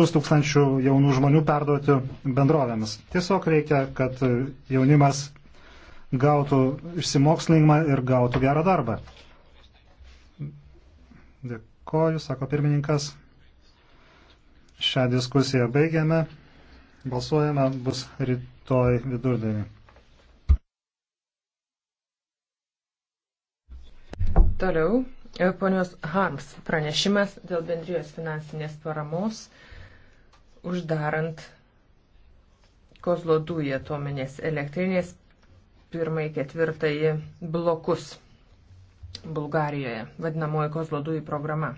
tūkstančių jaunų žmonių perduoti bendrovėmis. Tiesiog reikia, kad jaunimas gautų išsimokslinimą ir gautų gerą darbą. Dėkoju, sako pirmininkas. Šią diskusiją baigiame. Balsuojame bus rytoj vidurdienį. Toliau e, ponios Harms pranešimas dėl bendrijos finansinės paramos uždarant Kozlodųjų atominės elektrinės pirmai ketvirtai blokus Bulgarijoje, vadinamoji Kozlodųjų programa.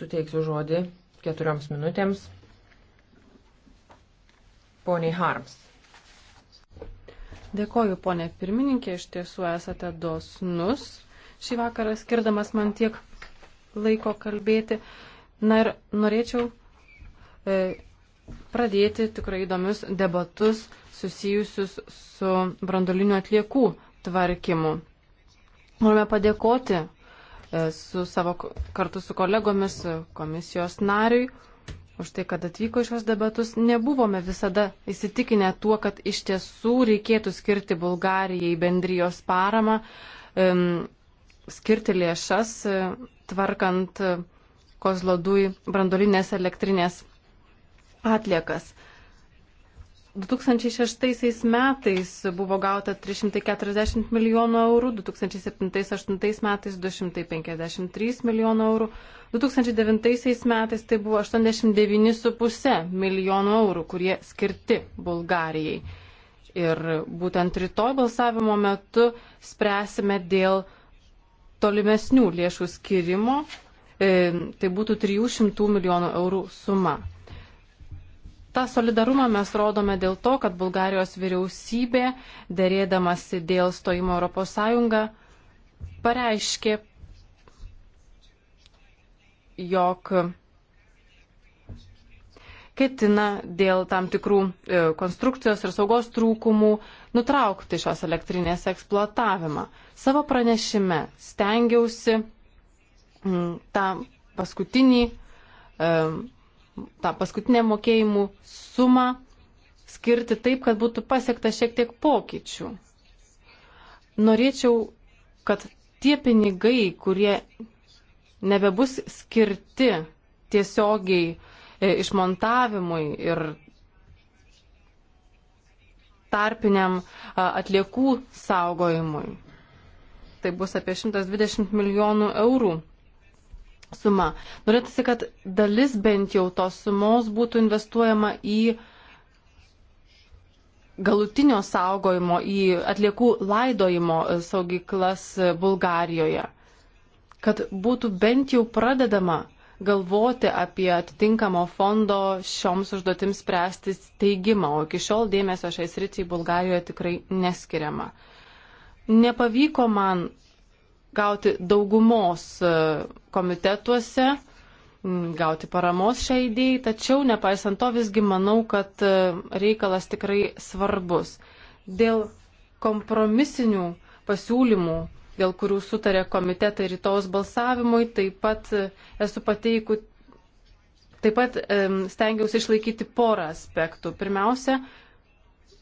Suteiksiu žodį keturioms minutėms poniai Harms. Dėkoju, ponė pirmininkė, iš tiesų esate dosnus. Šį vakarą skirdamas man tiek laiko kalbėti. Na ir norėčiau e, pradėti tikrai įdomius debatus susijusius su brandolinių atliekų tvarkymu. Norime padėkoti e, su savo, kartu su kolegomis e, komisijos nariui už tai, kad atvyko šios debatus. Nebuvome visada įsitikinę tuo, kad iš tiesų reikėtų skirti Bulgarijai bendrijos paramą, skirti lėšas tvarkant Kozlodui brandolinės elektrinės atliekas. 2006 metais buvo gauta 340 milijonų eurų, 2007-2008 metais 253 milijonų eurų, 2009 metais tai buvo 89,5 milijonų eurų, kurie skirti Bulgarijai. Ir būtent rytoj balsavimo metu spręsime dėl tolimesnių lėšų skirimo, e, tai būtų 300 milijonų eurų suma. Ta solidarumą mes rodome dėl to, kad Bulgarijos vyriausybė, dėrėdamasi dėl stojimo Europos Sąjungą, pareiškė, jog ketina dėl tam tikrų e, konstrukcijos ir saugos trūkumų nutraukti šios elektrinės eksploatavimą. Savo pranešime stengiausi m, tą paskutinį, e, tą paskutinę mokėjimų sumą skirti taip, kad būtų pasiekta šiek tiek pokyčių. Norėčiau, kad tie pinigai, kurie nebebus skirti tiesiogiai E, išmontavimui ir tarpiniam atliekų saugojimui. Tai bus apie 120 milijonų eurų suma. Norėtųsi, kad dalis bent jau tos sumos būtų investuojama į galutinio saugojimo, į atliekų laidojimo saugyklas Bulgarijoje. Kad būtų bent jau pradedama uh, galvoti apie atitinkamo fondo šioms užduotims spręsti steigimą, o iki šiol dėmesio šiai sričiai Bulgarijoje tikrai neskiriama. Nepavyko man gauti daugumos e, komitetuose, gauti paramos šiai idėjai, tačiau nepaisant to visgi manau, kad e, reikalas tikrai svarbus. Dėl kompromisinių pasiūlymų dėl kurių sutarė komitetai rytojus balsavimui. Taip pat e, esu pateikų, taip pat e, stengiausi išlaikyti porą aspektų. Pirmiausia,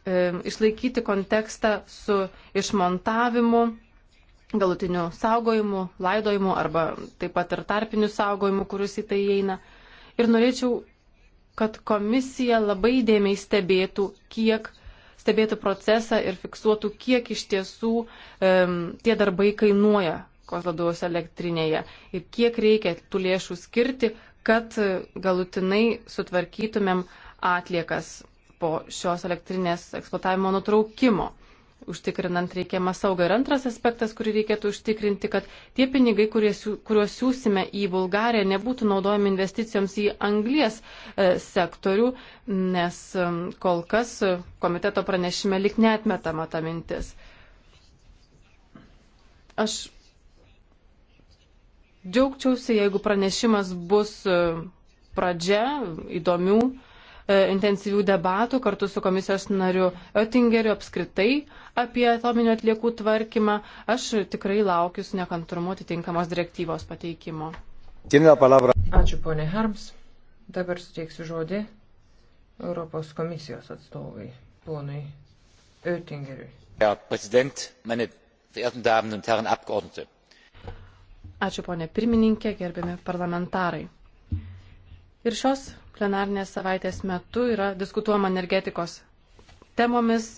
e, išlaikyti kontekstą su išmontavimu, galutiniu saugojimu, laidojimu arba taip pat ir tarpiniu saugojimu, kuris į tai įeina. Ir norėčiau, kad komisija labai dėmiai stebėtų, kiek stebėtų procesą ir fiksuotų, kiek iš tiesų um, tie darbai kainuoja Kozladovos elektrinėje ir kiek reikia tų lėšų skirti, kad e, galutinai sutvarkytumėm atliekas po šios elektrinės eksploatavimo nutraukimo užtikrinant reikiamą saugą. Ir antras aspektas, kurį reikėtų užtikrinti, kad tie pinigai, kuriuos siūsime į Bulgariją, nebūtų naudojami investicijoms į anglies e, sektorių, nes e, kol kas komiteto pranešime lik netmetama ta mintis. Aš džiaugčiausi, jeigu pranešimas bus e, pradžia įdomių E, intensyvių debatų kartu su komisijos nariu Oettingeriu apskritai apie atominio atliekų tvarkymą. Aš tikrai laukiu su nekantrumu atitinkamos direktyvos pateikimo. Ačiū ponė Harms. Dabar suteiksiu žodį Europos komisijos atstovai, ponui Oettingeriui. Herr Präsident, meine verehrten Damen und Herren Abgeordnete. Ačiū ponė pirmininkė, gerbiami parlamentarai. Ir šios plenarnės savaitės metu yra diskutuojama energetikos temomis.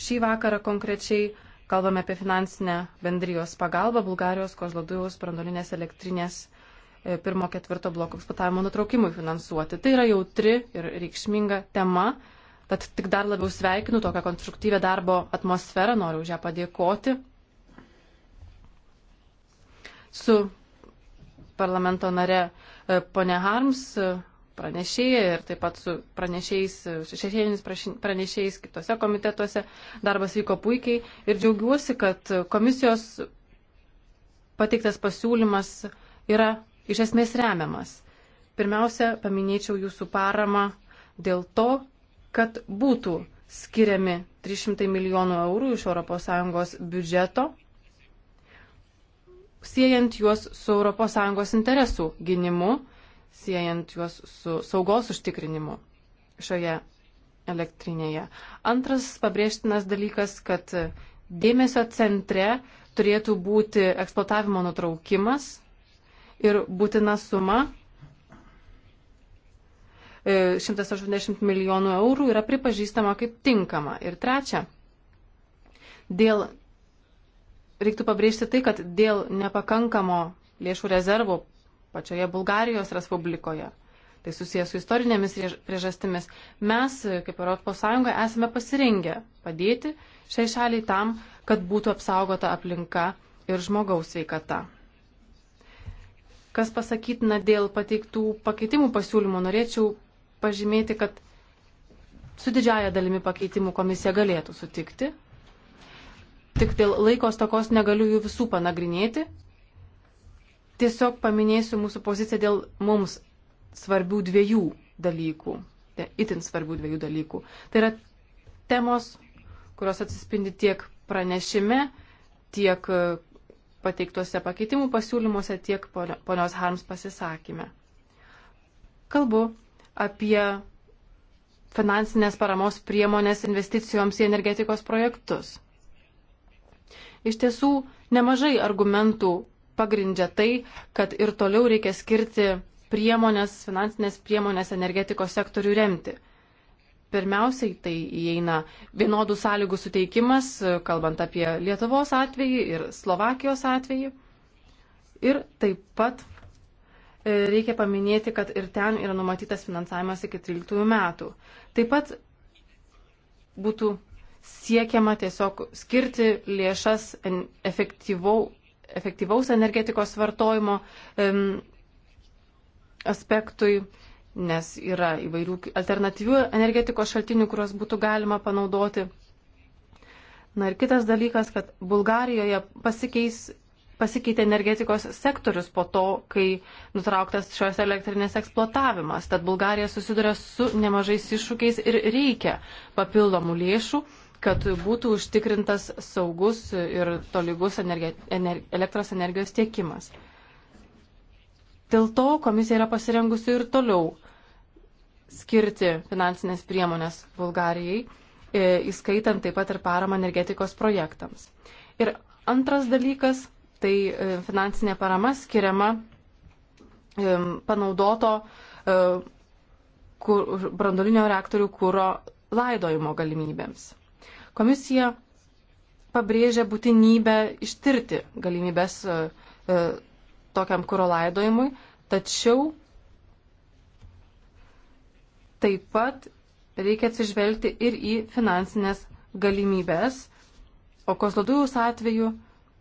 Šį vakarą konkrečiai kalbame apie finansinę bendrijos pagalbą Bulgarijos Kozlodujaus brandolinės elektrinės e, pirmo ketvirto bloko eksploatavimo nutraukimui finansuoti. Tai yra jautri ir reikšminga tema, tad tik dar labiau sveikinu tokią konstruktyvę darbo atmosferą, noriu už ją padėkoti. Su parlamento nare e, ponė Harms e, pranešėja ir taip pat su pranešėjais, šešėlinis pranešėjais kitose komitetuose. Darbas vyko puikiai ir džiaugiuosi, kad komisijos pateiktas pasiūlymas yra iš esmės remiamas. Pirmiausia, paminėčiau jūsų paramą dėl to, kad būtų skiriami 300 milijonų eurų iš ES biudžeto, siejant juos su ES interesų gynimu siejant juos su saugos užtikrinimu šioje elektrinėje. Antras pabrėžtinas dalykas, kad dėmesio centre turėtų būti eksploatavimo nutraukimas ir būtina suma 180 e, milijonų eurų yra pripažįstama kaip tinkama. Ir trečia, dėl, reiktų pabrėžti tai, kad dėl nepakankamo lėšų rezervo pačioje Bulgarijos Respublikoje. Tai susijęs su istorinėmis priežastimis. Mes, kaip ES, esame pasirengę padėti šiai šaliai tam, kad būtų apsaugota aplinka ir žmogaus sveikata. Kas pasakytina dėl pateiktų pakeitimų pasiūlymų, norėčiau pažymėti, kad su didžiaja dalimi pakeitimų komisija galėtų sutikti. Tik dėl laikos takos negaliu jų visų panagrinėti, Tiesiog paminėsiu mūsų poziciją dėl mums svarbių dviejų dalykų, tai itin svarbių dviejų dalykų. Tai yra temos, kurios atsispindi tiek pranešime, tiek e, pateiktuose pakeitimų pasiūlymuose, tiek ponios Harms pasisakyme. Kalbu apie finansinės paramos priemonės investicijoms į energetikos projektus. Iš tiesų, nemažai argumentų pagrindžia tai, kad ir toliau reikia skirti priemonės, finansinės priemonės energetikos sektorių remti. Pirmiausiai tai įeina vienodų sąlygų suteikimas, kalbant apie Lietuvos atvejį ir Slovakijos atvejį. Ir taip pat e, reikia paminėti, kad ir ten yra numatytas finansavimas iki 13 metų. Taip pat būtų siekiama tiesiog skirti lėšas efektyviau, efektyvaus energetikos vartojimo aspektui, nes yra įvairių alternatyvių energetikos šaltinių, kuriuos būtų galima panaudoti. Na ir kitas dalykas, kad Bulgarijoje pasikeis, pasikeitė energetikos sektorius po to, kai nutrauktas šios elektrinės eksploatavimas. Tad Bulgarija susiduria su nemažais iššūkiais ir reikia papildomų lėšų kad būtų užtikrintas saugus ir tolygus energi ener elektros energijos tiekimas. Dėl to komisija yra pasirengusi ir toliau skirti finansinės priemonės Bulgarijai, e, įskaitant taip pat ir paramą energetikos projektams. Ir antras dalykas - tai e, finansinė parama skiriama e, panaudoto brandolinio reaktorių kūro laidojimo galimybėms. Komisija pabrėžia būtinybę ištirti galimybės e, e, tokiam kūro laidojimui, tačiau taip pat reikia atsižvelgti ir į finansinės galimybės, o koslodujaus atveju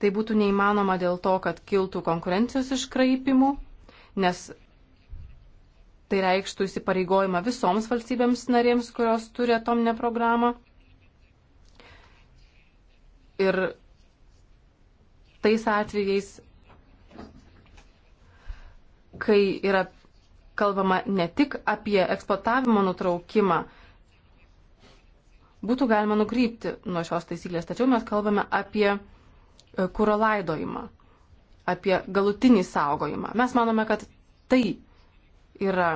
tai būtų neįmanoma dėl to, kad kiltų konkurencijos iškraipimų, nes tai reikštų įsipareigojimą visoms valstybėms narėms, kurios turi atominę programą. Ir tais atvejais, kai yra kalbama ne tik apie eksploatavimo nutraukimą, būtų galima nukrypti nuo šios taisyklės, tačiau mes kalbame apie e, kūro laidojimą, apie galutinį saugojimą. Mes manome, kad tai yra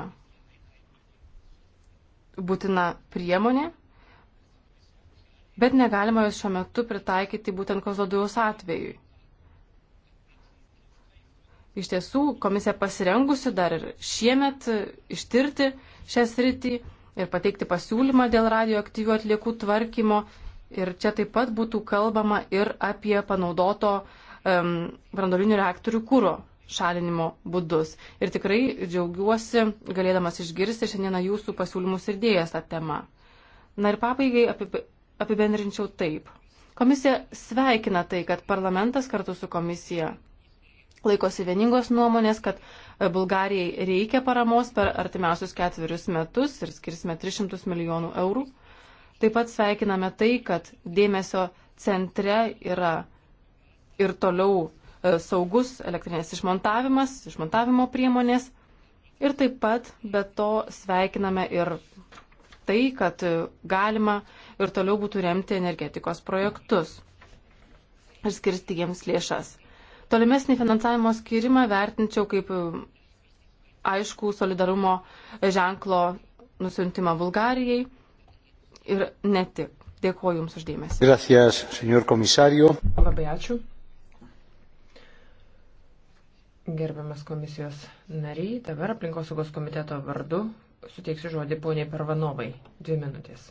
būtina priemonė bet negalima jos šiuo metu pritaikyti būtent kozlodujaus atvejui. Iš tiesų, komisija pasirengusi dar ir šiemet ištirti šią sritį ir pateikti pasiūlymą dėl radioaktyvių atliekų tvarkymo. Ir čia taip pat būtų kalbama ir apie panaudoto um, brandolinių reaktorių kūro šalinimo būdus. Ir tikrai džiaugiuosi galėdamas išgirsti šiandieną jūsų pasiūlymus ir dėjas tą temą. Na ir pabaigai apie, apibendrinčiau taip. Komisija sveikina tai, kad parlamentas kartu su komisija laikosi vieningos nuomonės, kad e, Bulgarijai reikia paramos per artimiausius ketverius metus ir skirsime 300 milijonų eurų. Taip pat sveikiname tai, kad dėmesio centre yra ir toliau e, saugus elektrinės išmontavimas, išmontavimo priemonės. Ir taip pat be to sveikiname ir tai, kad galima ir toliau būtų remti energetikos projektus ir skirsti jiems lėšas. Tolimesnį finansavimo skirimą vertinčiau kaip aišku solidarumo ženklo nusintimą Bulgarijai ir ne tik. Dėkuoju Jums uždėmesi. Gracias, senor komisario. Labai ačiū. Gerbiamas komisijos nariai, dabar aplinkosaugos komiteto vardu suteiksiu žodį poniai Parvanovai. Dvi minutės.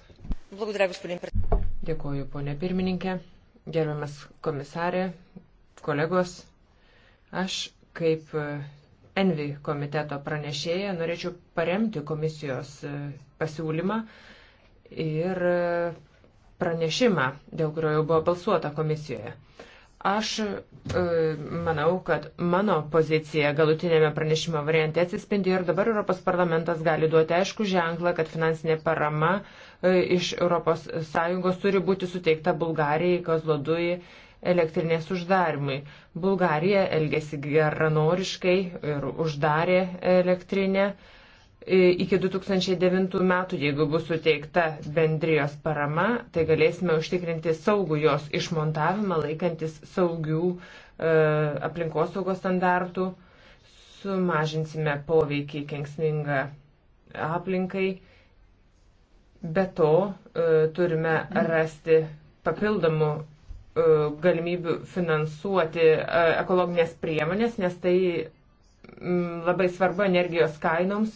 Dėkuoju, ponė pirmininkė, gerbiamas komisarė, kolegos. Aš kaip e, Envi komiteto pranešėja norėčiau paremti komisijos e, pasiūlymą ir e, pranešimą, dėl kurio jau buvo balsuota komisijoje. Aš e, manau, kad mano pozicija galutinėme pranešimo variante atsispindi ir dabar Europos parlamentas gali duoti aišku ženklą, kad finansinė parama e, iš ES turi būti suteikta Bulgarijai, Kozlodui elektrinės uždarimui. Bulgarija elgesi geranoriškai ir uždarė elektrinę. E, E, iki 2009 metų, jeigu bus suteikta bendrijos parama, tai galėsime užtikrinti saugų jos išmontavimą, laikantis saugių e, aplinkosaugos standartų, sumažinsime poveikį kenksmingą aplinkai. Be to e, turime rasti papildomų e, galimybių finansuoti e, ekologinės priemonės, nes tai m, labai svarbu energijos kainoms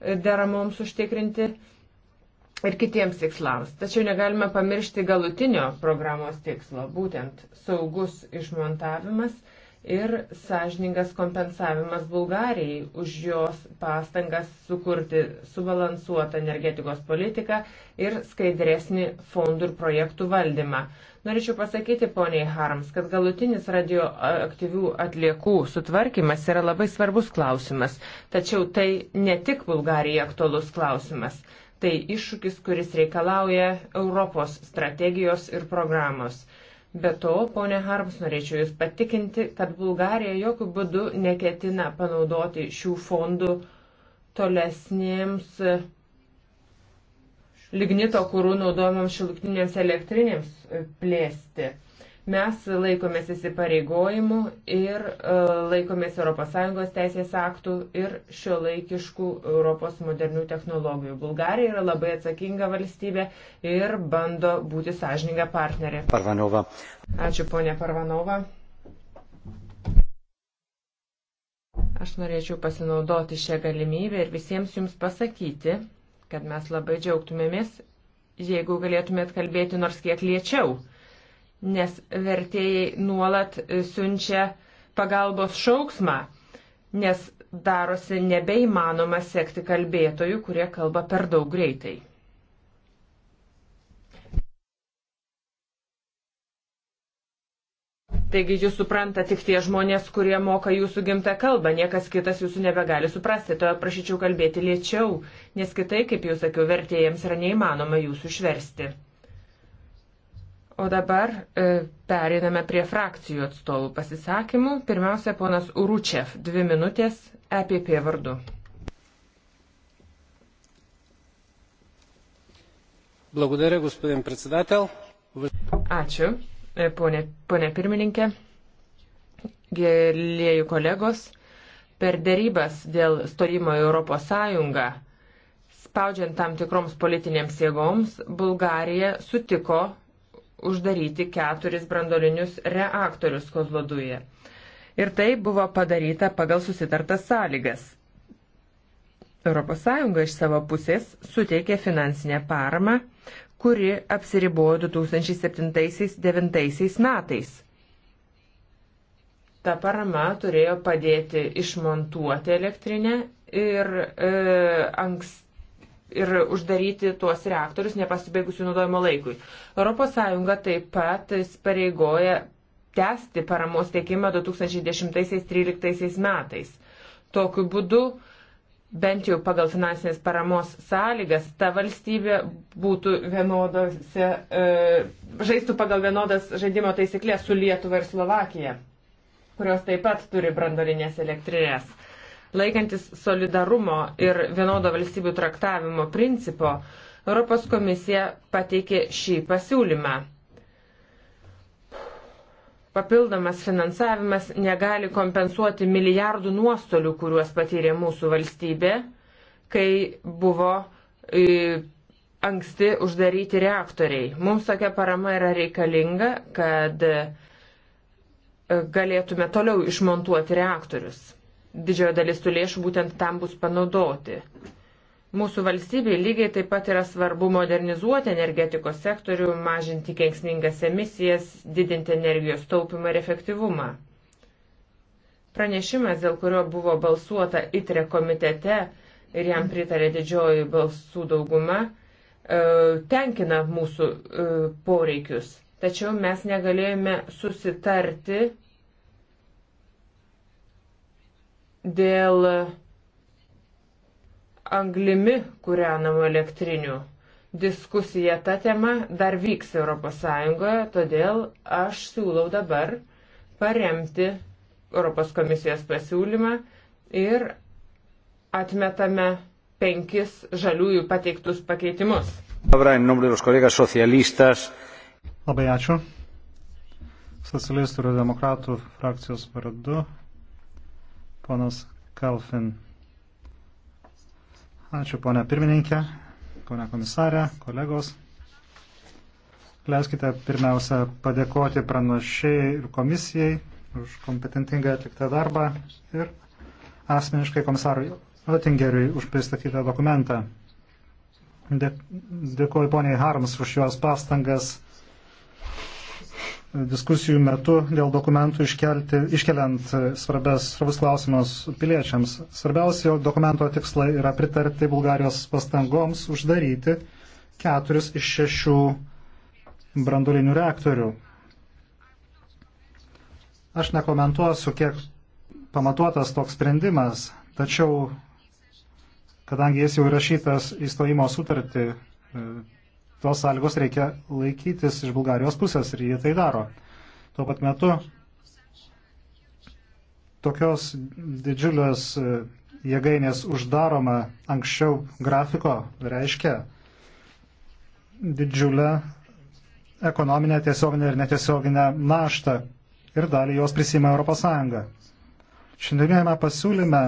deramoms užtikrinti ir kitiems tikslams. Tačiau negalime pamiršti galutinio programos tikslo, būtent saugus išmontavimas ir sąžiningas kompensavimas Bulgarijai už jos pastangas sukurti subalansuotą energetikos politiką ir skaidresnį fondų ir projektų valdymą. Norėčiau pasakyti poniai Harms, kad galutinis radioaktyvių atliekų sutvarkymas yra labai svarbus klausimas, tačiau tai ne tik Bulgarijai aktualus klausimas. Tai iššūkis, kuris reikalauja Europos strategijos ir programos. Be to, ponė Harms, norėčiau Jūs patikinti, kad Bulgarija jokių būdų neketina panaudoti šių fondų tolesnėms lignito kūrų naudojimams šilutiniams elektrinėms e, plėsti. Mes laikomės įsipareigojimų ir e, laikomės ES teisės aktų ir šio laikiškų Europos modernių technologijų. Bulgarija yra labai atsakinga valstybė ir bando būti sąžininga partnerė. Parvanova. Ačiū ponė Parvanova. Aš norėčiau pasinaudoti šią galimybę ir visiems jums pasakyti, kad mes labai džiaugtumėmės, jeigu galėtumėt kalbėti nors kiek lėčiau, nes vertėjai nuolat siunčia pagalbos šauksmą, nes darosi nebeįmanoma sekti kalbėtojų, kurie kalba per daug greitai. Taigi jūs supranta tik tie žmonės, kurie moka jūsų gimtą kalbą, niekas kitas jūsų nebegali suprasti, to prašyčiau kalbėti lėčiau, nes kitai, kaip jau sakiau, vertėjams yra neįmanoma jūsų išversti. O dabar e, periname prie frakcijų atstovų pasisakymų. Pirmiausia, ponas Uručev, dvi minutės EPP vardu. Благодаря, господин председател. Ačiū ponė, ponė pirmininkė, gėlėjų kolegos, per dėrybas dėl stojimo į Europos Sąjungą, spaudžiant tam tikroms politinėms jėgoms, Bulgarija sutiko uždaryti keturis brandolinius reaktorius Kozloduje. Ir tai buvo padaryta pagal susitartas sąlygas. ES iš savo pusės suteikė finansinę paramą, kuri apsiribojo 2007-2009 metais. Ta parama turėjo padėti išmontuoti elektrinę ir, e, anks, ir uždaryti tuos reaktorius nepasibaigusių naudojimo laikui. ES taip pat pareigoja tęsti paramos teikimą 2010-2013 metais. Tokiu būdu bent jau pagal finansinės paramos sąlygas, ta valstybė būtų vienodose, e, žaistų pagal vienodas žaidimo taisyklės su Lietuva ir Slovakija, kurios taip pat turi brandolinės elektrinės. Laikantis solidarumo ir vienodo valstybių traktavimo principo, Europos komisija pateikė šį pasiūlymą. Papildomas finansavimas negali kompensuoti milijardų nuostolių, kuriuos patyrė mūsų valstybė, kai buvo e, anksti uždaryti reaktoriai. Mums tokia parama yra reikalinga, kad e, galėtume toliau išmontuoti reaktorius. Didžioji dalis tų lėšų būtent tam bus panaudoti. Mūsų valstybei lygiai taip pat yra svarbu modernizuoti energetikos sektorių, mažinti kenksmingas emisijas, didinti energijos taupimą ir efektyvumą. Pranešimas, dėl kurio buvo balsuota ITRE komitete ir jam pritarė didžioji balsų dauguma, e, tenkina mūsų e, poreikius. Tačiau mes negalėjome susitarti dėl anglimi kūrenamų elektrinių. Diskusija tą temą dar vyks ES, todėl aš siūlau dabar paremti Europos komisijos pasiūlymą ir atmetame penkis žaliųjų pateiktus pakeitimus. Labai ačiū. Socialistų ir demokratų frakcijos vardu ponas Kalfin. Ačiū, ponia pirmininkė, ponia komisarė, kolegos. Leiskite pirmiausia padėkoti pranašiai ir komisijai už kompetentingai atliktą darbą ir asmeniškai komisarui Oettingeriui už pristatytą dokumentą. Dėkuoju poniai Harms už jos pastangas diskusijų metu dėl dokumentų iškelti, iškeliant svarbės, svarbus klausimus piliečiams. Svarbiausia dokumento tikslai yra pritarti Bulgarijos pastangoms uždaryti keturis iš šešių brandolinių reaktorių. Aš nekomentuosiu, kiek pamatuotas toks sprendimas, tačiau, kadangi jis jau įrašytas įstojimo sutartį tos sąlygos reikia laikytis iš Bulgarijos pusės ir jie tai daro. Tuo pat metu tokios didžiulės e, jėgainės uždaroma anksčiau grafiko reiškia didžiulę ekonominę, tiesioginę ir netiesioginę naštą ir dalį jos prisima ES. Šiandienėme pasiūlyme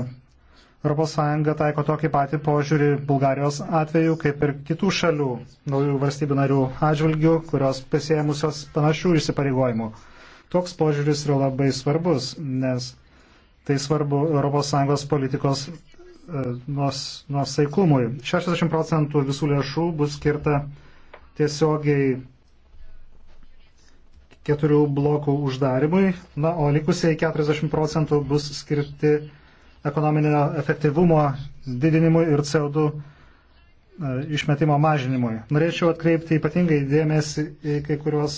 ES taiko tokį patį požiūrį Bulgarijos atveju, kaip ir kitų šalių, naujų valstybių narių atžvilgių, kurios prisėmusios panašių įsipareigojimų. Toks požiūris yra labai svarbus, nes tai svarbu ES politikos e, nuosaikumui. 60 procentų visų lėšų bus skirta tiesiogiai keturių blokų uždarimui, na, o likusiai 40 procentų bus skirti ekonominio efektyvumo didinimui ir CO2 e, išmetimo mažinimui. Norėčiau atkreipti ypatingai dėmesį į kai kurios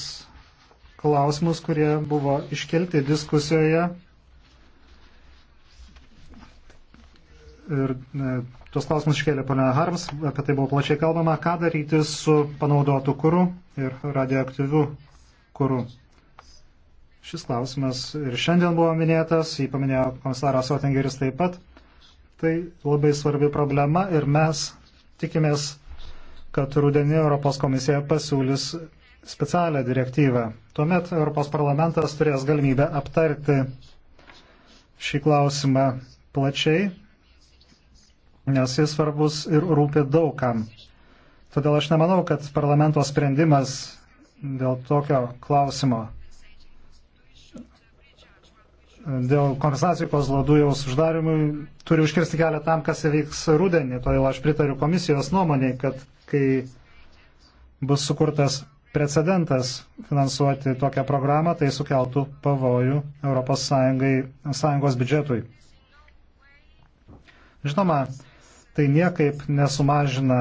klausimus, kurie buvo iškelti diskusijoje. Ir e, tuos klausimus iškėlė ponia Harms, apie tai buvo plačiai kalbama, ką daryti su panaudotu kūru ir radioaktyviu kūru. Šis klausimas ir šiandien buvo minėtas, jį paminėjo komisaras Otingeris taip pat. Tai labai svarbi problema ir mes tikimės, kad rudenį Europos komisija pasiūlys specialią direktyvą. Tuomet Europos parlamentas turės galimybę aptarti šį klausimą plačiai, nes jis svarbus ir rūpi daugam. Todėl aš nemanau, kad parlamento sprendimas dėl tokio klausimo dėl kompensacijų kozlodujaus uždarimui turi užkirsti kelią tam, kas įvyks rudenį. Todėl aš pritariu komisijos nuomonėje, kad kai bus sukurtas precedentas finansuoti tokią programą, tai sukeltų pavojų ES biudžetui. Žinoma, tai niekaip nesumažina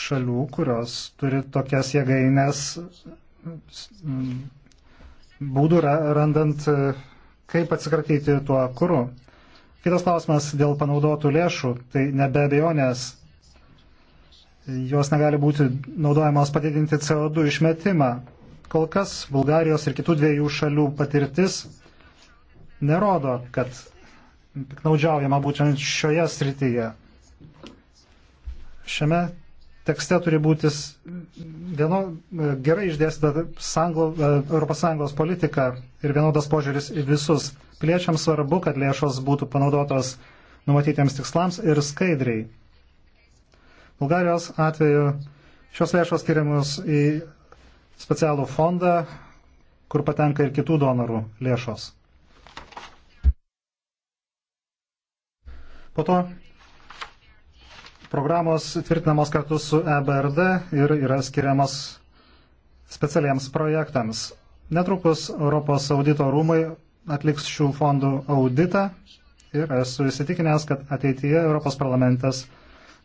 šalių, kurios turi tokias jėgainės būdų randant, e, kaip atsikratyti tuo kūru. Kitas klausimas dėl panaudotų lėšų, tai nebe abejonės, jos negali būti naudojamos padidinti CO2 išmetimą. Kol kas Bulgarijos ir kitų dviejų šalių patirtis nerodo, kad piknaudžiaujama būtent šioje srityje. Šiame tekste turi būti vieno, e, gerai išdėstyta ES politika ir vienodas požiūris į visus. Piliečiams svarbu, kad lėšos būtų panaudotos numatytiems tikslams ir skaidriai. Bulgarijos atveju šios lėšos skiriamos į specialų fondą, kur patenka ir kitų donorų lėšos. Po to Programos tvirtinamos kartu su EBRD ir yra skiriamas specialiems projektams. Netrukus Europos audito rūmai atliks šių fondų auditą ir esu įsitikinęs, kad ateityje Europos parlamentas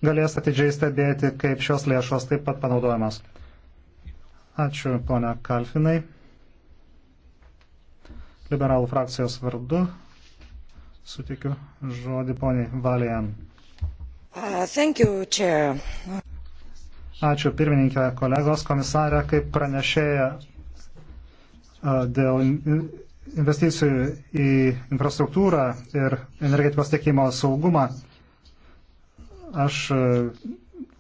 galės atidžiai stebėti, kaip šios lėšos taip pat panaudojamos. Ačiū, ponia Kalfinai. Liberalų frakcijos vardu sutikiu žodį poniai Valijan. Uh, you, Ačiū pirmininkė, kolegos komisarė, kaip pranešėja uh, dėl investicijų į infrastruktūrą ir energetikos tiekimo saugumą. Aš uh,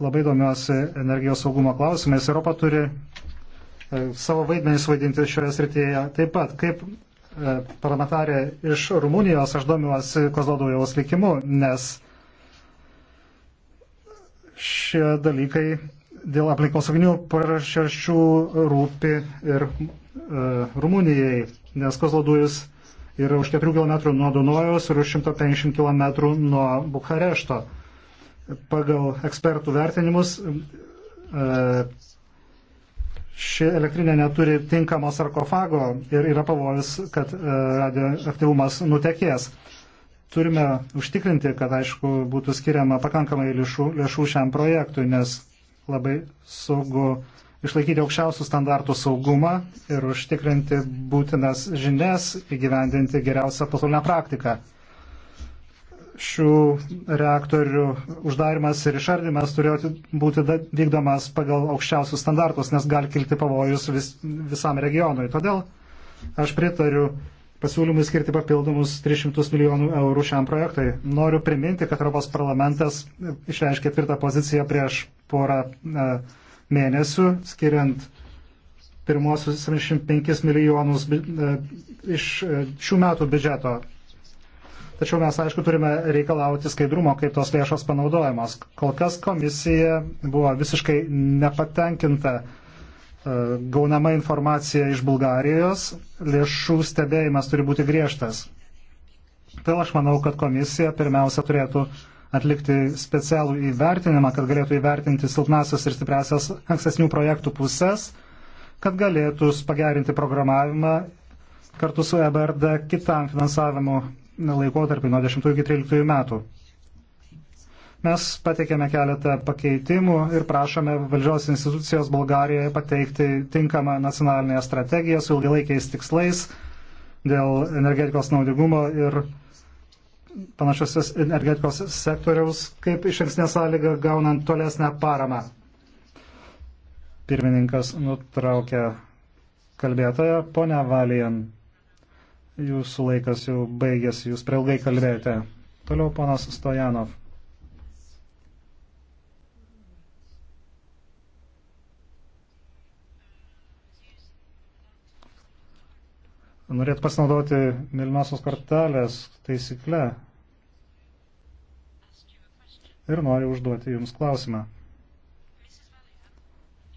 labai domiuosi energijos saugumo klausimais. Europa turi savo vaidmenį suvaidinti šioje srityje. Taip pat, kaip parlamentarė iš Rumunijos, aš domiuosi Kozlodujaus likimu, nes šie dalykai dėl aplinkosauginių paraščių rūpi ir e, Rumunijai, nes Kozlodujus yra už 4 km nuo Dunojaus ir už 150 km nuo Bukarešto. Pagal ekspertų vertinimus e, ši elektrinė neturi tinkamo sarkofago ir yra pavojus, kad e, radioaktyvumas nutekės turime užtikrinti, kad, aišku, būtų skiriama pakankamai lėšų, lėšų šiam projektui, nes labai saugu išlaikyti aukščiausių standartų saugumą ir užtikrinti būtinas žinias įgyvendinti geriausią pasaulinę praktiką. Šių reaktorių uždarimas ir išardimas turėjo būti vykdomas pagal aukščiausius standartus, nes gali kilti pavojus vis, visam regionui. Todėl aš pritariu pasiūlymui skirti papildomus 300 milijonų eurų šiam projektui. Noriu priminti, kad Europos parlamentas išreiškė tvirtą poziciją prieš porą e, mėnesių, skiriant pirmosius 75 milijonus e, iš e, šių metų biudžeto. Tačiau mes, aišku, turime reikalauti skaidrumo, kaip tos lėšos panaudojamos. Kol kas komisija buvo visiškai nepatenkinta E, gaunama informacija iš Bulgarijos, lėšų stebėjimas turi būti griežtas. Todėl aš manau, kad komisija pirmiausia turėtų atlikti specialų įvertinimą, kad galėtų įvertinti silpnasias ir stipresias ankstesnių projektų pusės, kad galėtų pagerinti programavimą kartu su EBRD kitam finansavimo laikotarpį nuo 10 iki 13 metų. Mes pateikėme keletą pakeitimų ir prašome valdžios institucijos Bulgarijoje pateikti tinkamą nacionalinę strategiją su ilgalaikiais tikslais dėl energetikos naudingumo ir panašios energetikos sektoriaus kaip iš anksnė sąlyga gaunant tolesnę paramą. Pirmininkas nutraukė kalbėtoją. Pone Valijan, jūsų laikas jau baigėsi, jūs per ilgai kalbėjote. Toliau ponas Stojanov. norėtų pasinaudoti Milinosios kortelės taisykle ir noriu užduoti Jums klausimą.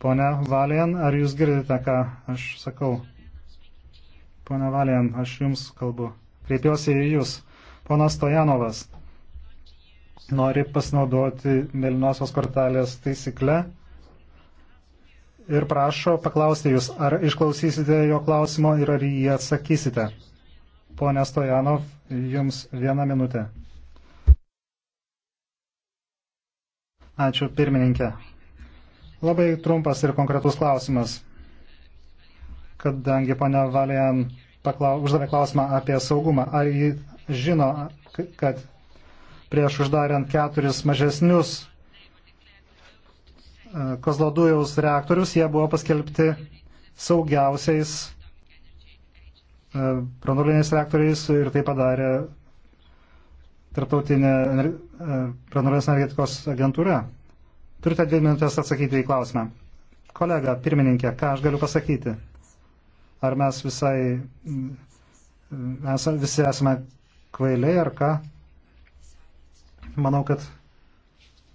Pone Valian, ar Jūs girdite, ką aš sakau? Pone Valian, aš Jums kalbu. Kreipiuosi į Jūs. Ponas Stojanovas nori pasinaudoti Milinosios kortelės taisykle ir prašo paklausti jūs, ar išklausysite jo klausimo ir ar jį atsakysite. Pone Stojanov, jums vieną minutę. Ačiū pirmininkė. Labai trumpas ir konkretus klausimas, kadangi ponia Valian paklau, uždavė klausimą apie saugumą. Ar ji žino, kad prieš uždariant keturis mažesnius Kozlodujaus reaktorius, jie buvo paskelbti saugiausiais pranuliniais e, reaktoriais ir tai padarė Tarptautinė pranulinės e, energetikos agentūra. Turite dvi minutės atsakyti į klausimą. Kolega, pirmininkė, ką aš galiu pasakyti? Ar mes visai, mes visi esame kvailiai ar ką? Manau, kad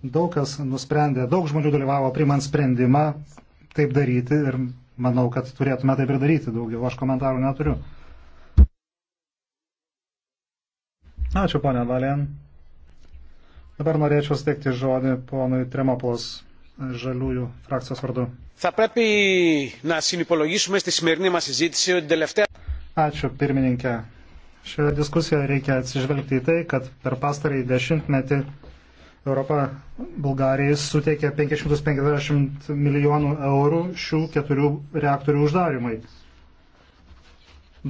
Daug kas nusprendė, daug žmonių dalyvavo primant sprendimą taip daryti ir manau, kad turėtume taip ir daryti daugiau. Aš komentarų neturiu. Ačiū, ponė Valien. Dabar norėčiau steikti žodį ponui Tremopolos Žaliųjų frakcijos vardu. Ačiū, pirmininkė. Šioje diskusijoje reikia atsižvelgti į tai, kad per pastarąjį dešimtmetį Europa Bulgarijai suteikė 550 milijonų eurų šių keturių reaktorių uždarimui.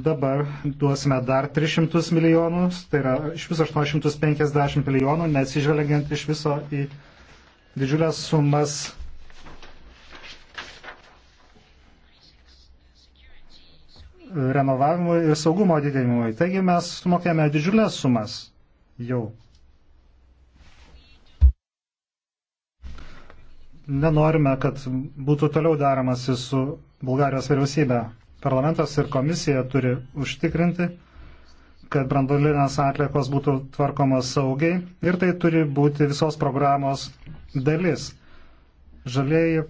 Dabar duosime dar 300 milijonus, tai yra iš viso 850 milijonų, nesižvelgiant iš viso į didžiulės sumas renovavimui ir saugumo didinimui. Taigi mes sumokėme didžiulės sumas jau. nenorime, kad būtų toliau daromasi su Bulgarijos vyriausybė. Parlamentas ir komisija turi užtikrinti, kad brandulinės atliekos būtų tvarkomos saugiai ir tai turi būti visos programos dalis. Žalieji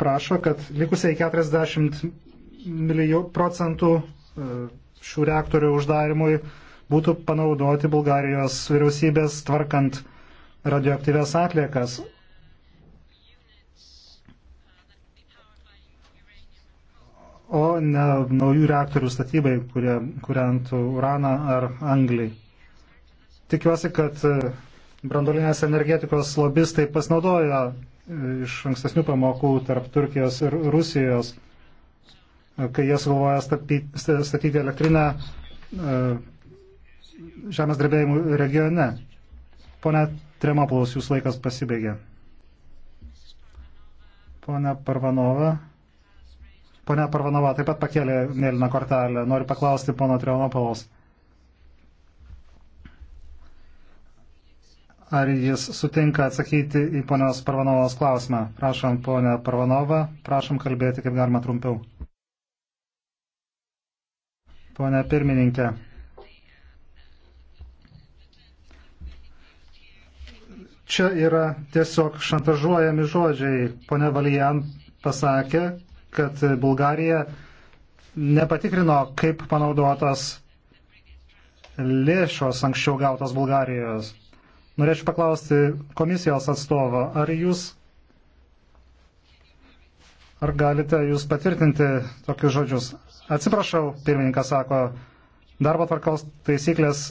prašo, kad likusiai 40 procentų e, šių reaktorių uždarimui būtų panaudoti Bulgarijos vyriausybės tvarkant radioaktyves atliekas, o ne naujų reaktorių statybai, kurie kuriantų uraną ar anglį. Tikiuosi, kad e, brandolinės energetikos lobistai pasinaudoja e, iš ankstesnių pamokų tarp Turkijos ir Rusijos, e, kai jie sugalvoja statyti elektrinę žemės drebėjimų regione. Pone Tremopolos, jūs laikas pasibaigė. Pone Parvanova. Pone Parvanova taip pat pakėlė mėlyną kortelę. Noriu paklausti pono Trionopolos. Ar jis sutinka atsakyti į ponios Parvanovos klausimą? Prašom, ponia Parvanova, prašom kalbėti kaip galima trumpiau. Pone pirmininkė. Čia yra tiesiog šantažuojami žodžiai. Pone Valijan pasakė, kad Bulgarija nepatikrino, kaip panaudotas lėšos anksčiau gautos Bulgarijos. Norėčiau paklausti komisijos atstovo, ar jūs, ar galite jūs patvirtinti tokius žodžius? Atsiprašau, pirmininkas sako, darbo tvarkos taisyklės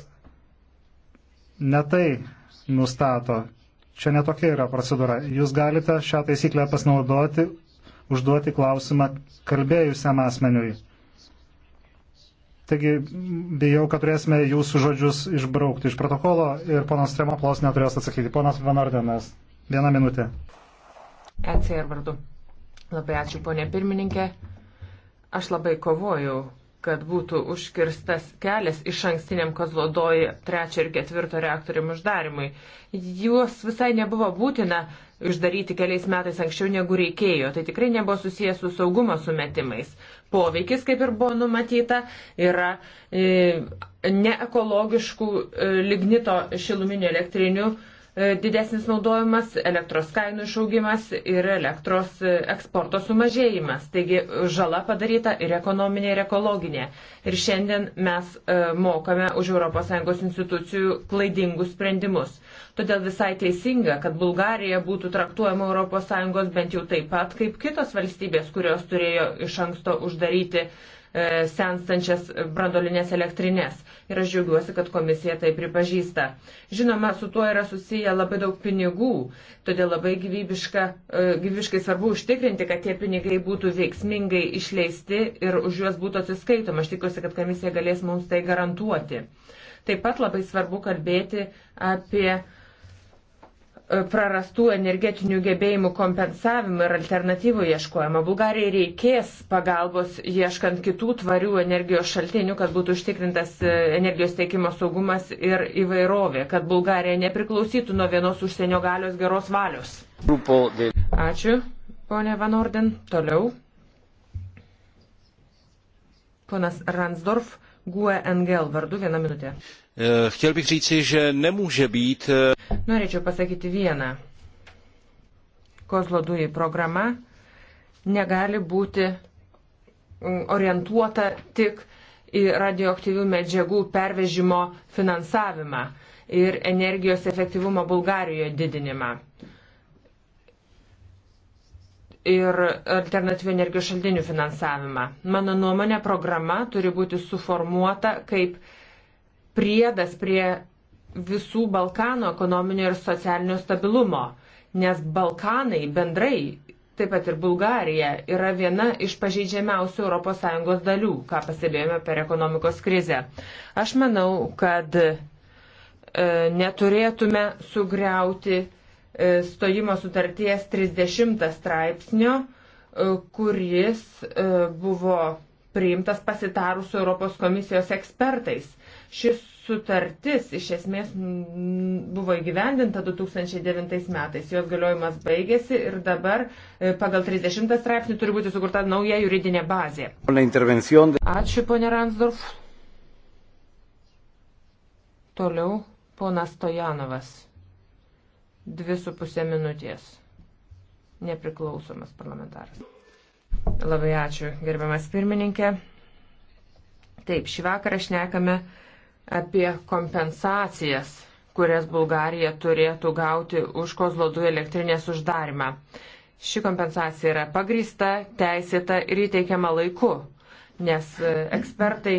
netai nustato. Čia netokia yra procedūra. Jūs galite šią taisyklę pasinaudoti užduoti klausimą kalbėjusiam asmeniui. Taigi bijau, kad turėsime jūsų žodžius išbraukti iš protokolo ir ponas Tremoplos neturės atsakyti. Ponas Vanardenas, vieną minutę. ECR vardu. Labai ačiū, ponė pirmininkė. Aš labai kovojau, kad būtų užkirstas kelias iš ankstiniam Kozlodoji trečio ir ketvirto reaktoriam uždarimui. Juos visai nebuvo būtina uždaryti keliais metais anksčiau negu reikėjo. Tai tikrai nebuvo susijęs su saugumo sumetimais. Poveikis, kaip ir buvo numatyta, yra e, neekologiškų e, lignito šiluminių elektrinių e, E, didesnis naudojimas, elektros kainų išaugimas ir elektros e, eksporto sumažėjimas. Taigi žala padaryta ir ekonominė, ir ekologinė. Ir šiandien mes e, mokame už ES institucijų klaidingus sprendimus. Todėl visai teisinga, kad Bulgarija būtų traktuojama ES bent jau taip pat kaip kitos valstybės, kurios turėjo iš anksto uždaryti senstančias brandolinės elektrinės ir aš džiaugiuosi, kad komisija tai pripažįsta. Žinoma, su tuo yra susiję labai daug pinigų, todėl labai e, gyvybiškai svarbu užtikrinti, kad tie pinigai būtų veiksmingai išleisti ir už juos būtų atsiskaitoma. Aš tikiuosi, kad komisija galės mums tai garantuoti. Taip pat labai svarbu kalbėti apie prarastų energetinių gebėjimų kompensavimą ir alternatyvų ieškojimą. Bulgarijai reikės pagalbos ieškant kitų tvarių energijos šaltinių, kad būtų užtikrintas e, energijos teikimo saugumas ir įvairovė, kad Bulgarija nepriklausytų nuo vienos užsienio galios geros valios. Ačiū, ponė Van Orden. Toliau. Ponas Ransdorf, GUE NGL vardu, vieną minutę. E, chtěl bych říci, že nemůže být. E, Norėčiau pasakyti vieną. Kozlo dujų programa negali būti mm, orientuota tik į radioaktyvių medžiagų pervežimo finansavimą ir energijos efektyvumo Bulgarijoje didinimą. Ir alternatyvių energijos šaltinių finansavimą. Mano nuomonė, programa turi būti suformuota kaip priedas prie visų Balkanų ekonominio ir socialinio stabilumo, nes Balkanai bendrai, taip pat ir Bulgarija, yra viena iš pažeidžiamiausių ES dalių, ką pastebėjome per ekonomikos krizę. Aš manau, kad e, neturėtume sugriauti e, stojimo sutarties 30 straipsnio, e, kuris e, buvo priimtas pasitarus su Europos komisijos ekspertais. Šis sutartis iš esmės buvo įgyvendinta 2009 metais, jos galiojimas baigėsi ir dabar e, pagal 30 straipsnį turi būti sukurta nauja juridinė bazė. Ačiū, ponė Ransdorf. Toliau ponas Stojanovas. Dvi su pusė minutės. Nepriklausomas parlamentaras. Labai ačiū, gerbiamas pirmininkė. Taip, šį vakarą šnekame apie kompensacijas, kurias Bulgarija turėtų gauti už kozlo dujų elektrinės uždarimą. Ši kompensacija yra pagrįsta, teisėta ir įteikiama laiku, nes e, ekspertai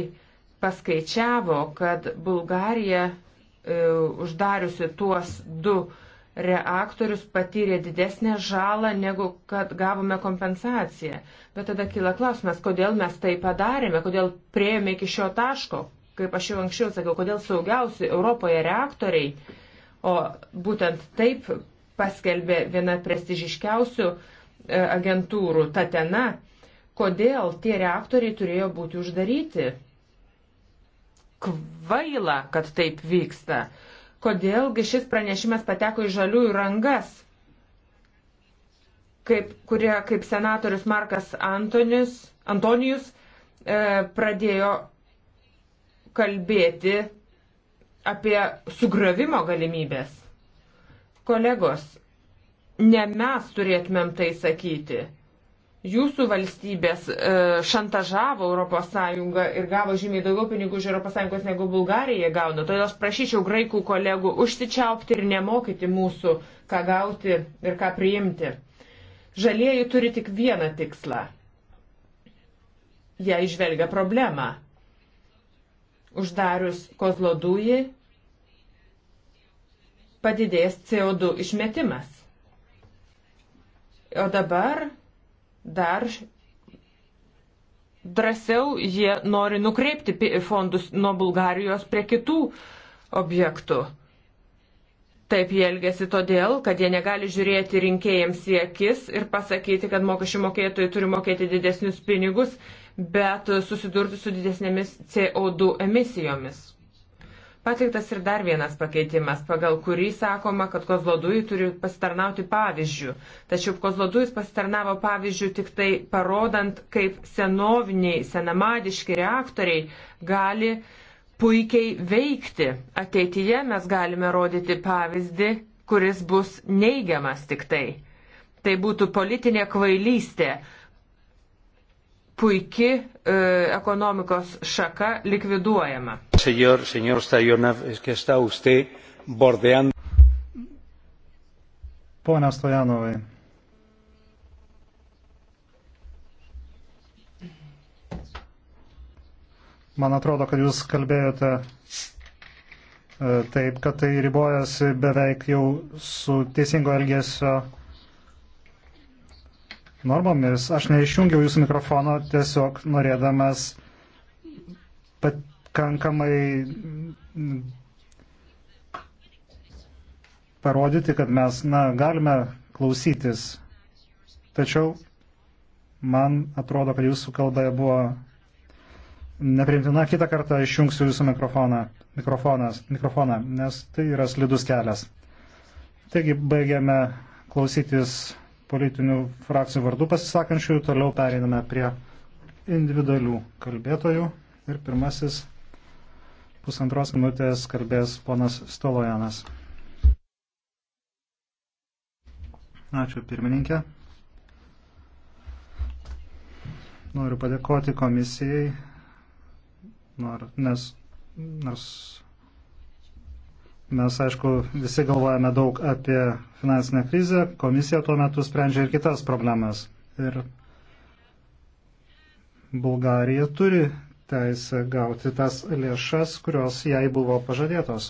paskaičiavo, kad Bulgarija e, uždariusi tuos du e, reaktorius patyrė didesnę žalą, negu kad gavome kompensaciją. Bet tada kyla klausimas, kodėl mes tai padarėme, kodėl prieėjome iki šio taško, kaip aš jau anksčiau sakiau, kodėl saugiausi Europoje reaktoriai, o būtent taip paskelbė viena prestižiškiausių e, agentūrų Tatena, kodėl tie reaktoriai turėjo būti uždaryti. Kvaila, kad taip vyksta kodėlgi šis pranešimas pateko į žaliųjų rangas, kaip, kurie, kaip senatorius Markas Antonius, Antonijus e, pradėjo kalbėti apie sugravimo galimybės. Kolegos, ne mes turėtumėm tai sakyti jūsų valstybės e, šantažavo ES ir gavo žymiai daugiau pinigų iš ES negu Bulgarija gauna. Todėl aš prašyčiau graikų kolegų užsičiaupti ir nemokyti mūsų, ką gauti ir ką priimti. Žalieji turi tik vieną tikslą. Jie išvelgia problemą. Uždarius kozlodujį padidės CO2 išmetimas. O dabar dar drąsiau jie nori nukreipti fondus nuo Bulgarijos prie kitų objektų. Taip jie elgesi todėl, kad jie negali žiūrėti rinkėjams į akis ir pasakyti, kad mokesčių mokėtojai turi mokėti didesnius pinigus, bet susidurti su didesnėmis CO2 emisijomis. Pateiktas ir dar vienas pakeitimas, pagal kurį sakoma, kad kozlodujai turi pasitarnauti pavyzdžių. Tačiau kozlodujus pasitarnavo pavyzdžių tik tai parodant, kaip senoviniai, senamadiški reaktoriai gali puikiai veikti. Ateityje mes galime rodyti pavyzdį, kuris bus neigiamas tik tai. Tai būtų politinė kvailystė puiki e, ekonomikos šaka likviduojama. Señor, señor Stajonov, es que está usted bordeando. Pone Stojanovai. Man atrodo, kad jūs kalbėjote e, taip, kad tai ribojasi beveik jau su teisingo elgesio normomis. Aš neišjungiau jūsų mikrofono, tiesiog norėdamas pakankamai parodyti, kad mes, na, galime klausytis. Tačiau man atrodo, kad jūsų kalba buvo neprimtina. Kitą kartą išjungsiu jūsų mikrofoną, mikrofoną, nes tai yra slidus kelias. Taigi baigiame klausytis politinių frakcijų vardų pasisakančių. Toliau pereiname prie individualių kalbėtojų. Ir pirmasis pusantros minutės kalbės ponas Stolojanas. Ačiū pirmininkė. Noriu padėkoti komisijai, nors, nes, nors Mes, aišku, visi galvojame daug apie finansinę krizę, komisija tuo metu sprendžia ir kitas problemas. Ir Bulgarija turi teisę gauti tas lėšas, kurios jai buvo pažadėtos.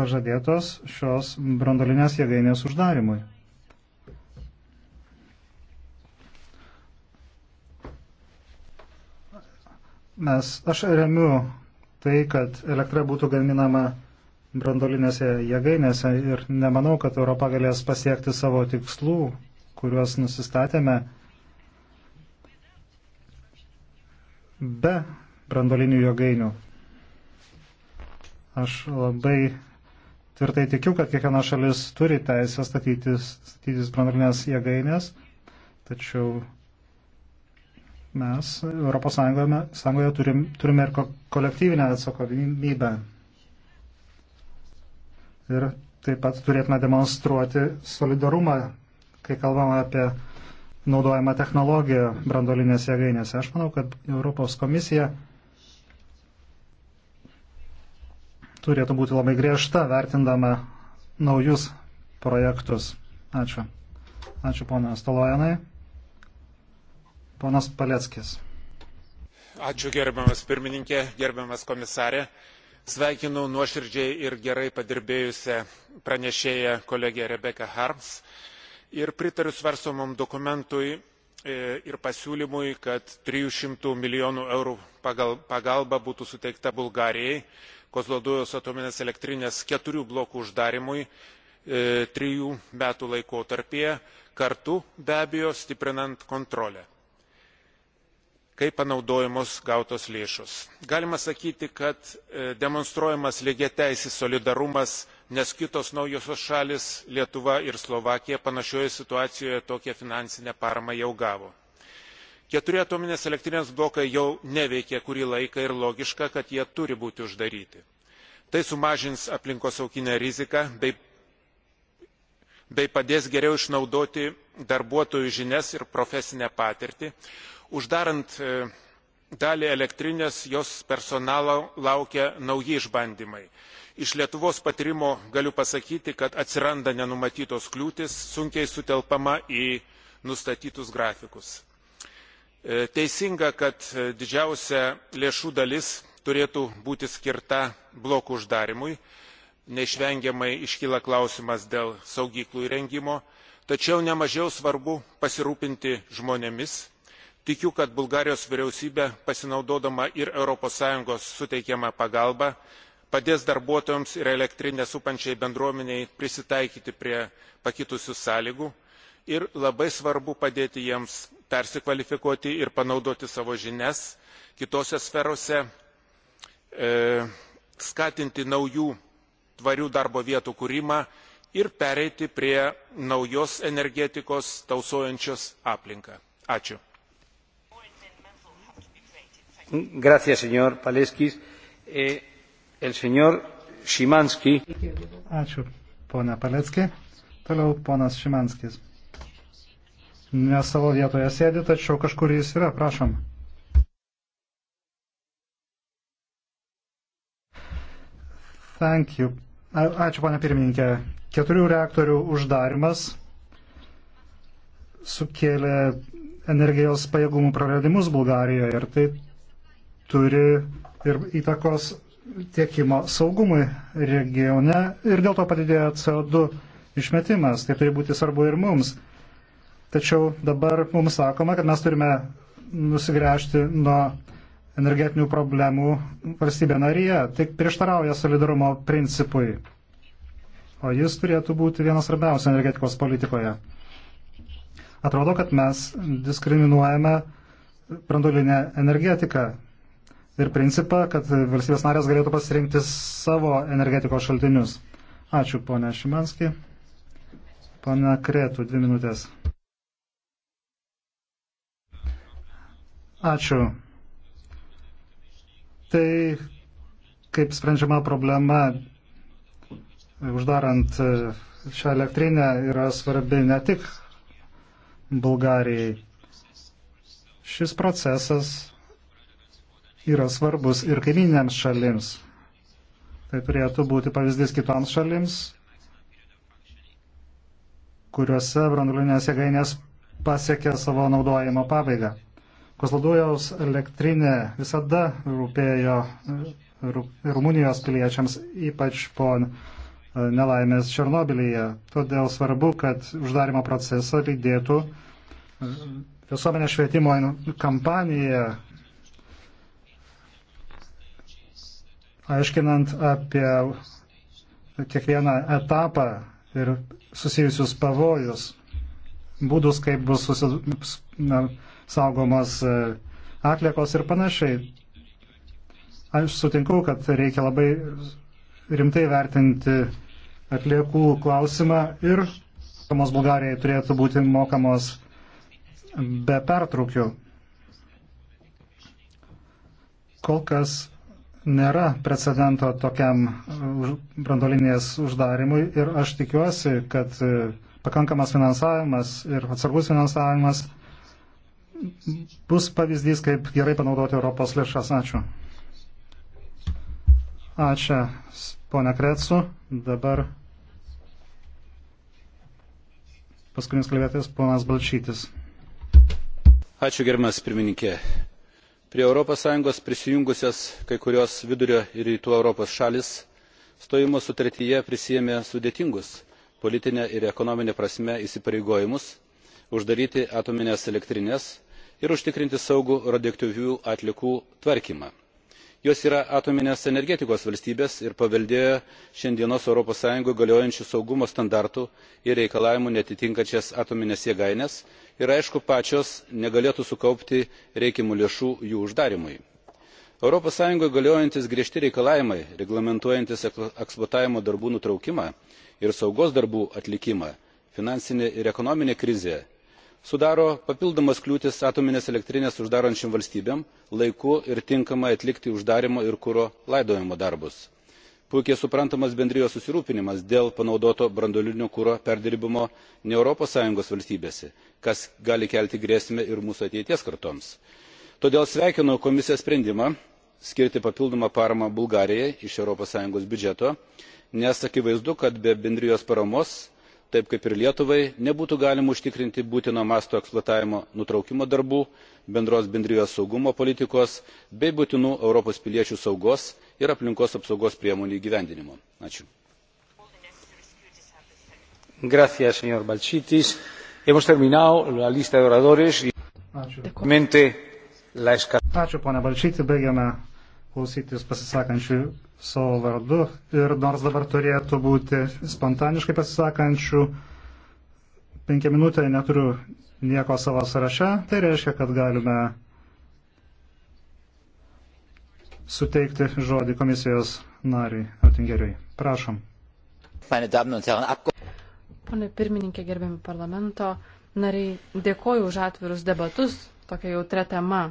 Pažadėtos šios brandolinės jėgainės uždarimui. Mes, aš remiu tai, kad elektra būtų gaminama brandolinėse jėgainėse ir nemanau, kad Europa galės pasiekti savo tikslų, kuriuos nusistatėme be brandolinių jėgainių. Aš labai tvirtai tikiu, kad kiekviena šalis turi teisę statytis, statytis brandolinės jėgainės, tačiau mes Europos Sąjungoje, Sąjungoje turim, turime ir ko, kolektyvinę atsakomybę. Ir taip pat turėtume demonstruoti solidarumą, kai kalbame apie naudojama technologija brandolinės jėgainėse. Aš manau, kad Europos komisija turėtų būti labai griežta vertindama naujus projektus. Ačiū. Ačiū ponas Tolojanai. Ponas Paleckis. Ačiū gerbiamas pirmininkė, gerbiamas komisarė. Sveikinu nuoširdžiai ir gerai padirbėjusią pranešėją kolegę Rebeką Harms ir pritariu svarstomam dokumentui e, ir pasiūlymui kad trijų šimtų milijonų eurų pagalba būtų suteikta bulgarijai kozlodujaus atominės elektrinės keturių blokų uždarymui e, trijų metų laikotarpyje kartu be abejo stiprinant kontrolę kaip panaudojamos gautos lėšos. galima sakyti kad e, demonstruojamas lygiateisis solidarumas nes kitos naujosios šalys lietuva ir slovakija panašioje situacijoje tokią finansinę paramą jau gavo. keturi atominės elektrinės blokai jau neveikia kurį laiką ir logiška kad jie turi būti uždaryti. tai sumažins aplinkosauginę riziką bei bei padės geriau išnaudoti darbuotojų žinias ir profesinę patirtį uždarant e, dalį elektrinės jos personalą laukia nauji išbandymai. iš lietuvos patyrimo galiu pasakyti kad atsiranda nenumatytos kliūtys sunkiai sutelpama į nustatytus grafikus. E, teisinga kad e, didžiausia lėšų dalis turėtų būti skirta blokų uždarymui neišvengiamai iškyla klausimas dėl saugyklų įrengimo tačiau nemažiau svarbu pasirūpinti žmonėmis tikiu kad bulgarijos vyriausybė pasinaudodama ir europos sąjungos suteikiama pagalba padės darbuotojams ir elektrinę supančiai bendruomenei prisitaikyti prie pakitusių sąlygų ir labai svarbu padėti jiems persikvalifikuoti ir panaudoti savo žinias kitose sferose e, skatinti naujų tvarių darbo vietų kūrimą ir pereiti prie naujos energetikos tausojančios aplinką. ačiū. Gracias, senor Paleskis. E, eh, el senor Šimanski. Ačiū, ponia Palecki. Toliau ponas Šimanskis. Ne savo vietoje sėdi, tačiau kažkur jis yra, prašom. Thank you. A, ačiū, ponia pirmininkė. Keturių reaktorių uždarimas sukėlė energijos pajėgumų praradimus Bulgarijoje ir tai turi ir įtakos tiekimo saugumui regione ir dėl to padidėjo CO2 išmetimas. Tai turi būti svarbu ir mums. Tačiau dabar mums sakoma, kad mes turime nusigręžti nuo energetinių problemų valstybė narėje. Tai prieštarauja solidarumo principui. O jis turėtų būti vienas svarbiausių energetikos politikoje. Atrodo, kad mes diskriminuojame brandolinę energetiką ir principą, kad valstybės narės galėtų pasirinkti savo energetikos šaltinius. Ačiū, ponia Šimanski. Pana Kretų, dvi minutės. Ačiū. Tai kaip sprendžiama problema uždarant e, šią elektrinę yra svarbi ne tik Bulgarijai. Šis procesas yra svarbus ir kaiminėms šalims. Tai turėtų būti pavyzdys kitoms šalims, kuriuose branduolinės jėgainės pasiekė savo naudojimo pabaigą. Kozlodujaus elektrinė visada rūpėjo Rumunijos piliečiams, ypač po e, nelaimės Černobilyje. Todėl svarbu, kad uždarimo procesą lydėtų e, visuomenės švietimo kampanija, aiškinant apie kiekvieną etapą ir susijusius pavojus, būdus, kaip bus susid... na, saugomos e, atliekos ir panašiai. Aš sutinku, kad reikia labai rimtai vertinti atliekų klausimą ir mokamos Bulgarijai turėtų būti mokamos be pertraukių. Kol kas nėra precedento tokiam uh, brandolinės uždarimui ir aš tikiuosi, kad uh, pakankamas finansavimas ir atsargus finansavimas bus pavyzdys, kaip gerai panaudoti Europos lėšas. Ačiū. Ačiū, ponia Kretsu. Dabar paskutinis kalbėtojas, ponas Balčytis. Ačiū, gerbiamas pirmininkė prie europos sąjungos prisijungusios kai kurios vidurio ir rytų europos šalys stojimo sutartyje prisiėmė sudėtingus politine ir ekonomine prasme įsipareigojimus uždaryti atomines elektrines ir užtikrinti saugų radioaktyvių atliekų tvarkymą jos yra atominės energetikos valstybės ir paveldėjo šiandienos europos sąjungoje galiojančių saugumo standartų ir reikalavimų neatitinkančias atomines jėgaines ir aišku pačios negalėtų sukaupti reikiamų lėšų jų uždarymui. europos sąjungoje galiojantys griežti reikalavimai reglamentuojantys eksploatavimo darbų nutraukimą ir saugos darbų atlikimą finansinė ir ekonominė krizė sudaro papildomas kliūtis atomines elektrines uždarančioms valstybėms laiku ir tinkamai atlikti uždarymo ir kuro laidojimo darbus. puikiai suprantamas bendrijos susirūpinimas dėl panaudoto branduolinio kuro perdirbimo ne europos sąjungos valstybėse kas gali kelti grėsmę ir mūsų ateities kartoms. todėl sveikinu komisijos sprendimą skirti papildomą paramą bulgarijai iš europos sąjungos biudžeto nes akivaizdu kad be bendrijos paramos taip kaip ir lietuvai nebūtų galima užtikrinti būtino masto eksploatavimo nutraukimo darbų bendros bendrijos saugumo politikos bei būtinų europos piliečių saugos ir aplinkos apsaugos priemonių įgyvendinimo. Ačiū. Ačiū, ponia Balčyti, baigiame klausytis pasisakančių savo vardu ir nors dabar turėtų būti spontaniškai pasisakančių, penkia minutė neturiu nieko savo sąraše, tai reiškia, kad galime suteikti žodį komisijos nariui Atingeriui. Prašom. Pone pirmininkė, gerbiami parlamento nariai, dėkoju už atvirus debatus, tokia jautrė tema.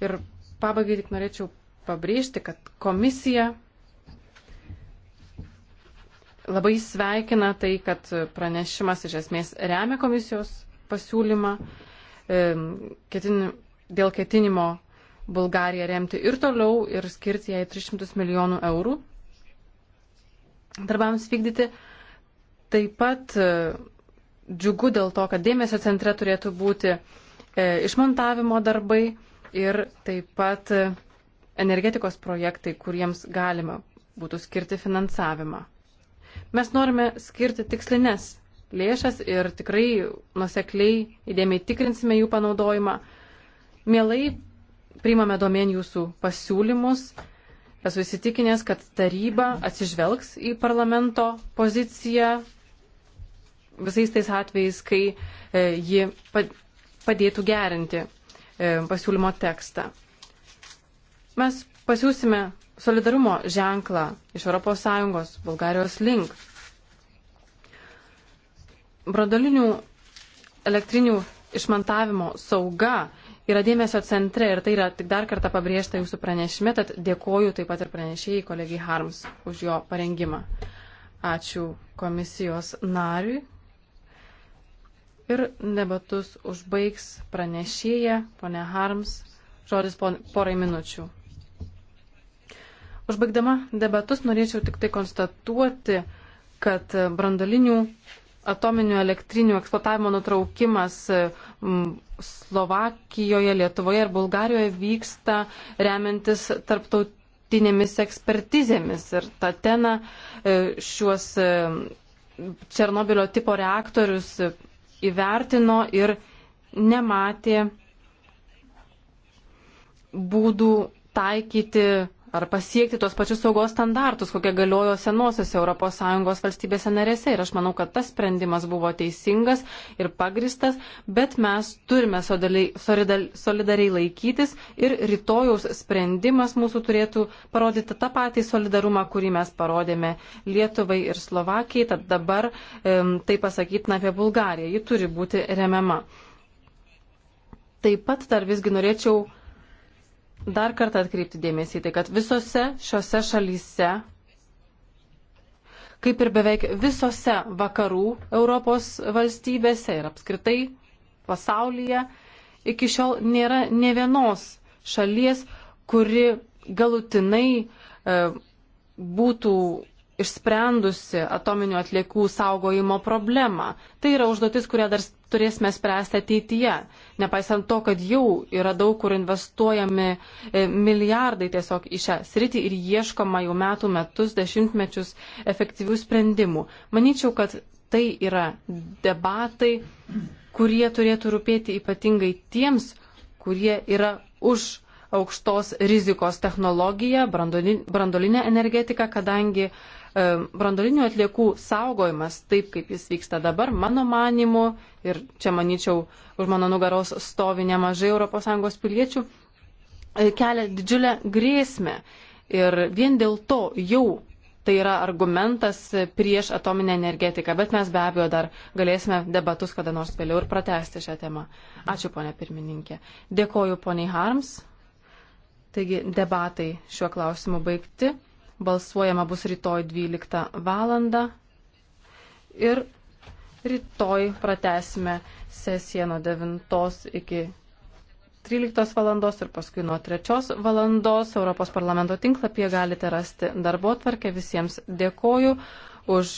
Ir pabaigai tik norėčiau pabrėžti, kad komisija labai sveikina tai, kad pranešimas iš esmės remia komisijos pasiūlymą ketin, dėl ketinimo Bulgariją remti ir toliau ir skirti jai 300 milijonų eurų darbams vykdyti. Taip pat e, džiugu dėl to, kad dėmesio centre turėtų būti e, išmontavimo darbai ir taip pat e, energetikos projektai, kuriems galima būtų skirti finansavimą. Mes norime skirti tikslines lėšas ir tikrai nusekliai įdėmiai tikrinsime jų panaudojimą. Mielai priimame domen jūsų pasiūlymus. Esu įsitikinęs, kad taryba atsižvelgs į parlamento poziciją visais tais atvejais, kai e, ji padėtų gerinti e, pasiūlymo tekstą. Mes pasiūsime solidarumo ženklą iš ES Bulgarijos link. Brodolinių elektrinių išmantavimo sauga yra dėmesio centre ir tai yra tik dar kartą pabrėžta jūsų pranešime, tad dėkoju taip pat ir pranešėjai kolegijai Harms už jo parengimą. Ačiū komisijos nariui. Ir debatus užbaigs pranešėja, ponė Harms, žodis porai minučių. Užbaigdama debatus norėčiau tik tai konstatuoti, kad brandolinių atominių elektrinių eksploatavimo nutraukimas mm, Slovakijoje, Lietuvoje ir Bulgarijoje vyksta remiantis tarptautinėmis ekspertizėmis. Ir Tatena e, šiuos e, Černobilio tipo reaktorius įvertino ir nematė būdų taikyti ar pasiekti tos pačius saugos standartus, kokie galiojo senosiose ES valstybėse narėse. Ir aš manau, kad tas sprendimas buvo teisingas ir pagristas, bet mes turime solidariai laikytis ir rytojaus sprendimas mūsų turėtų parodyti tą patį solidarumą, kurį mes parodėme Lietuvai ir Slovakijai. Tad dabar e, tai pasakytina apie Bulgariją. Ji turi būti remiama. Taip pat dar visgi norėčiau dar kartą atkreipti dėmesį į tai, kad visose šiose šalyse, kaip ir beveik visose vakarų Europos valstybėse ir apskritai pasaulyje, iki šiol nėra ne vienos šalies, kuri galutinai e, būtų išsprendusi atominių atliekų saugojimo problemą. Tai yra užduotis, kurią dar turėsime spręsti ateityje. Nepaisant to, kad jau yra daug kur investuojami e, milijardai tiesiog į šią sritį ir ieškoma jau metų metus, dešimtmečius efektyvių sprendimų. Manyčiau, kad tai yra debatai, kurie turėtų rūpėti ypatingai tiems, kurie yra už aukštos rizikos technologiją, brandolinę energetiką, kadangi uh, E, brandolinių atliekų saugojimas taip, kaip jis vyksta dabar, mano manimu, ir čia manyčiau, už mano nugaros stovi nemažai ES piliečių, e, kelia didžiulę grėsmę. Ir vien dėl to jau tai yra argumentas prieš atominę energetiką, bet mes be abejo dar galėsime debatus kada nors vėliau ir pratesti šią temą. Ačiū, ponė pirmininkė. Dėkoju, poniai Harms. Taigi debatai šiuo klausimu baigti. Balsuojama bus rytoj 12 valandą ir rytoj pratesime sesiją nuo 9 iki 13 valandos ir paskui nuo 3 valandos Europos parlamento tinklapyje galite rasti darbo tvarkę. Visiems dėkoju už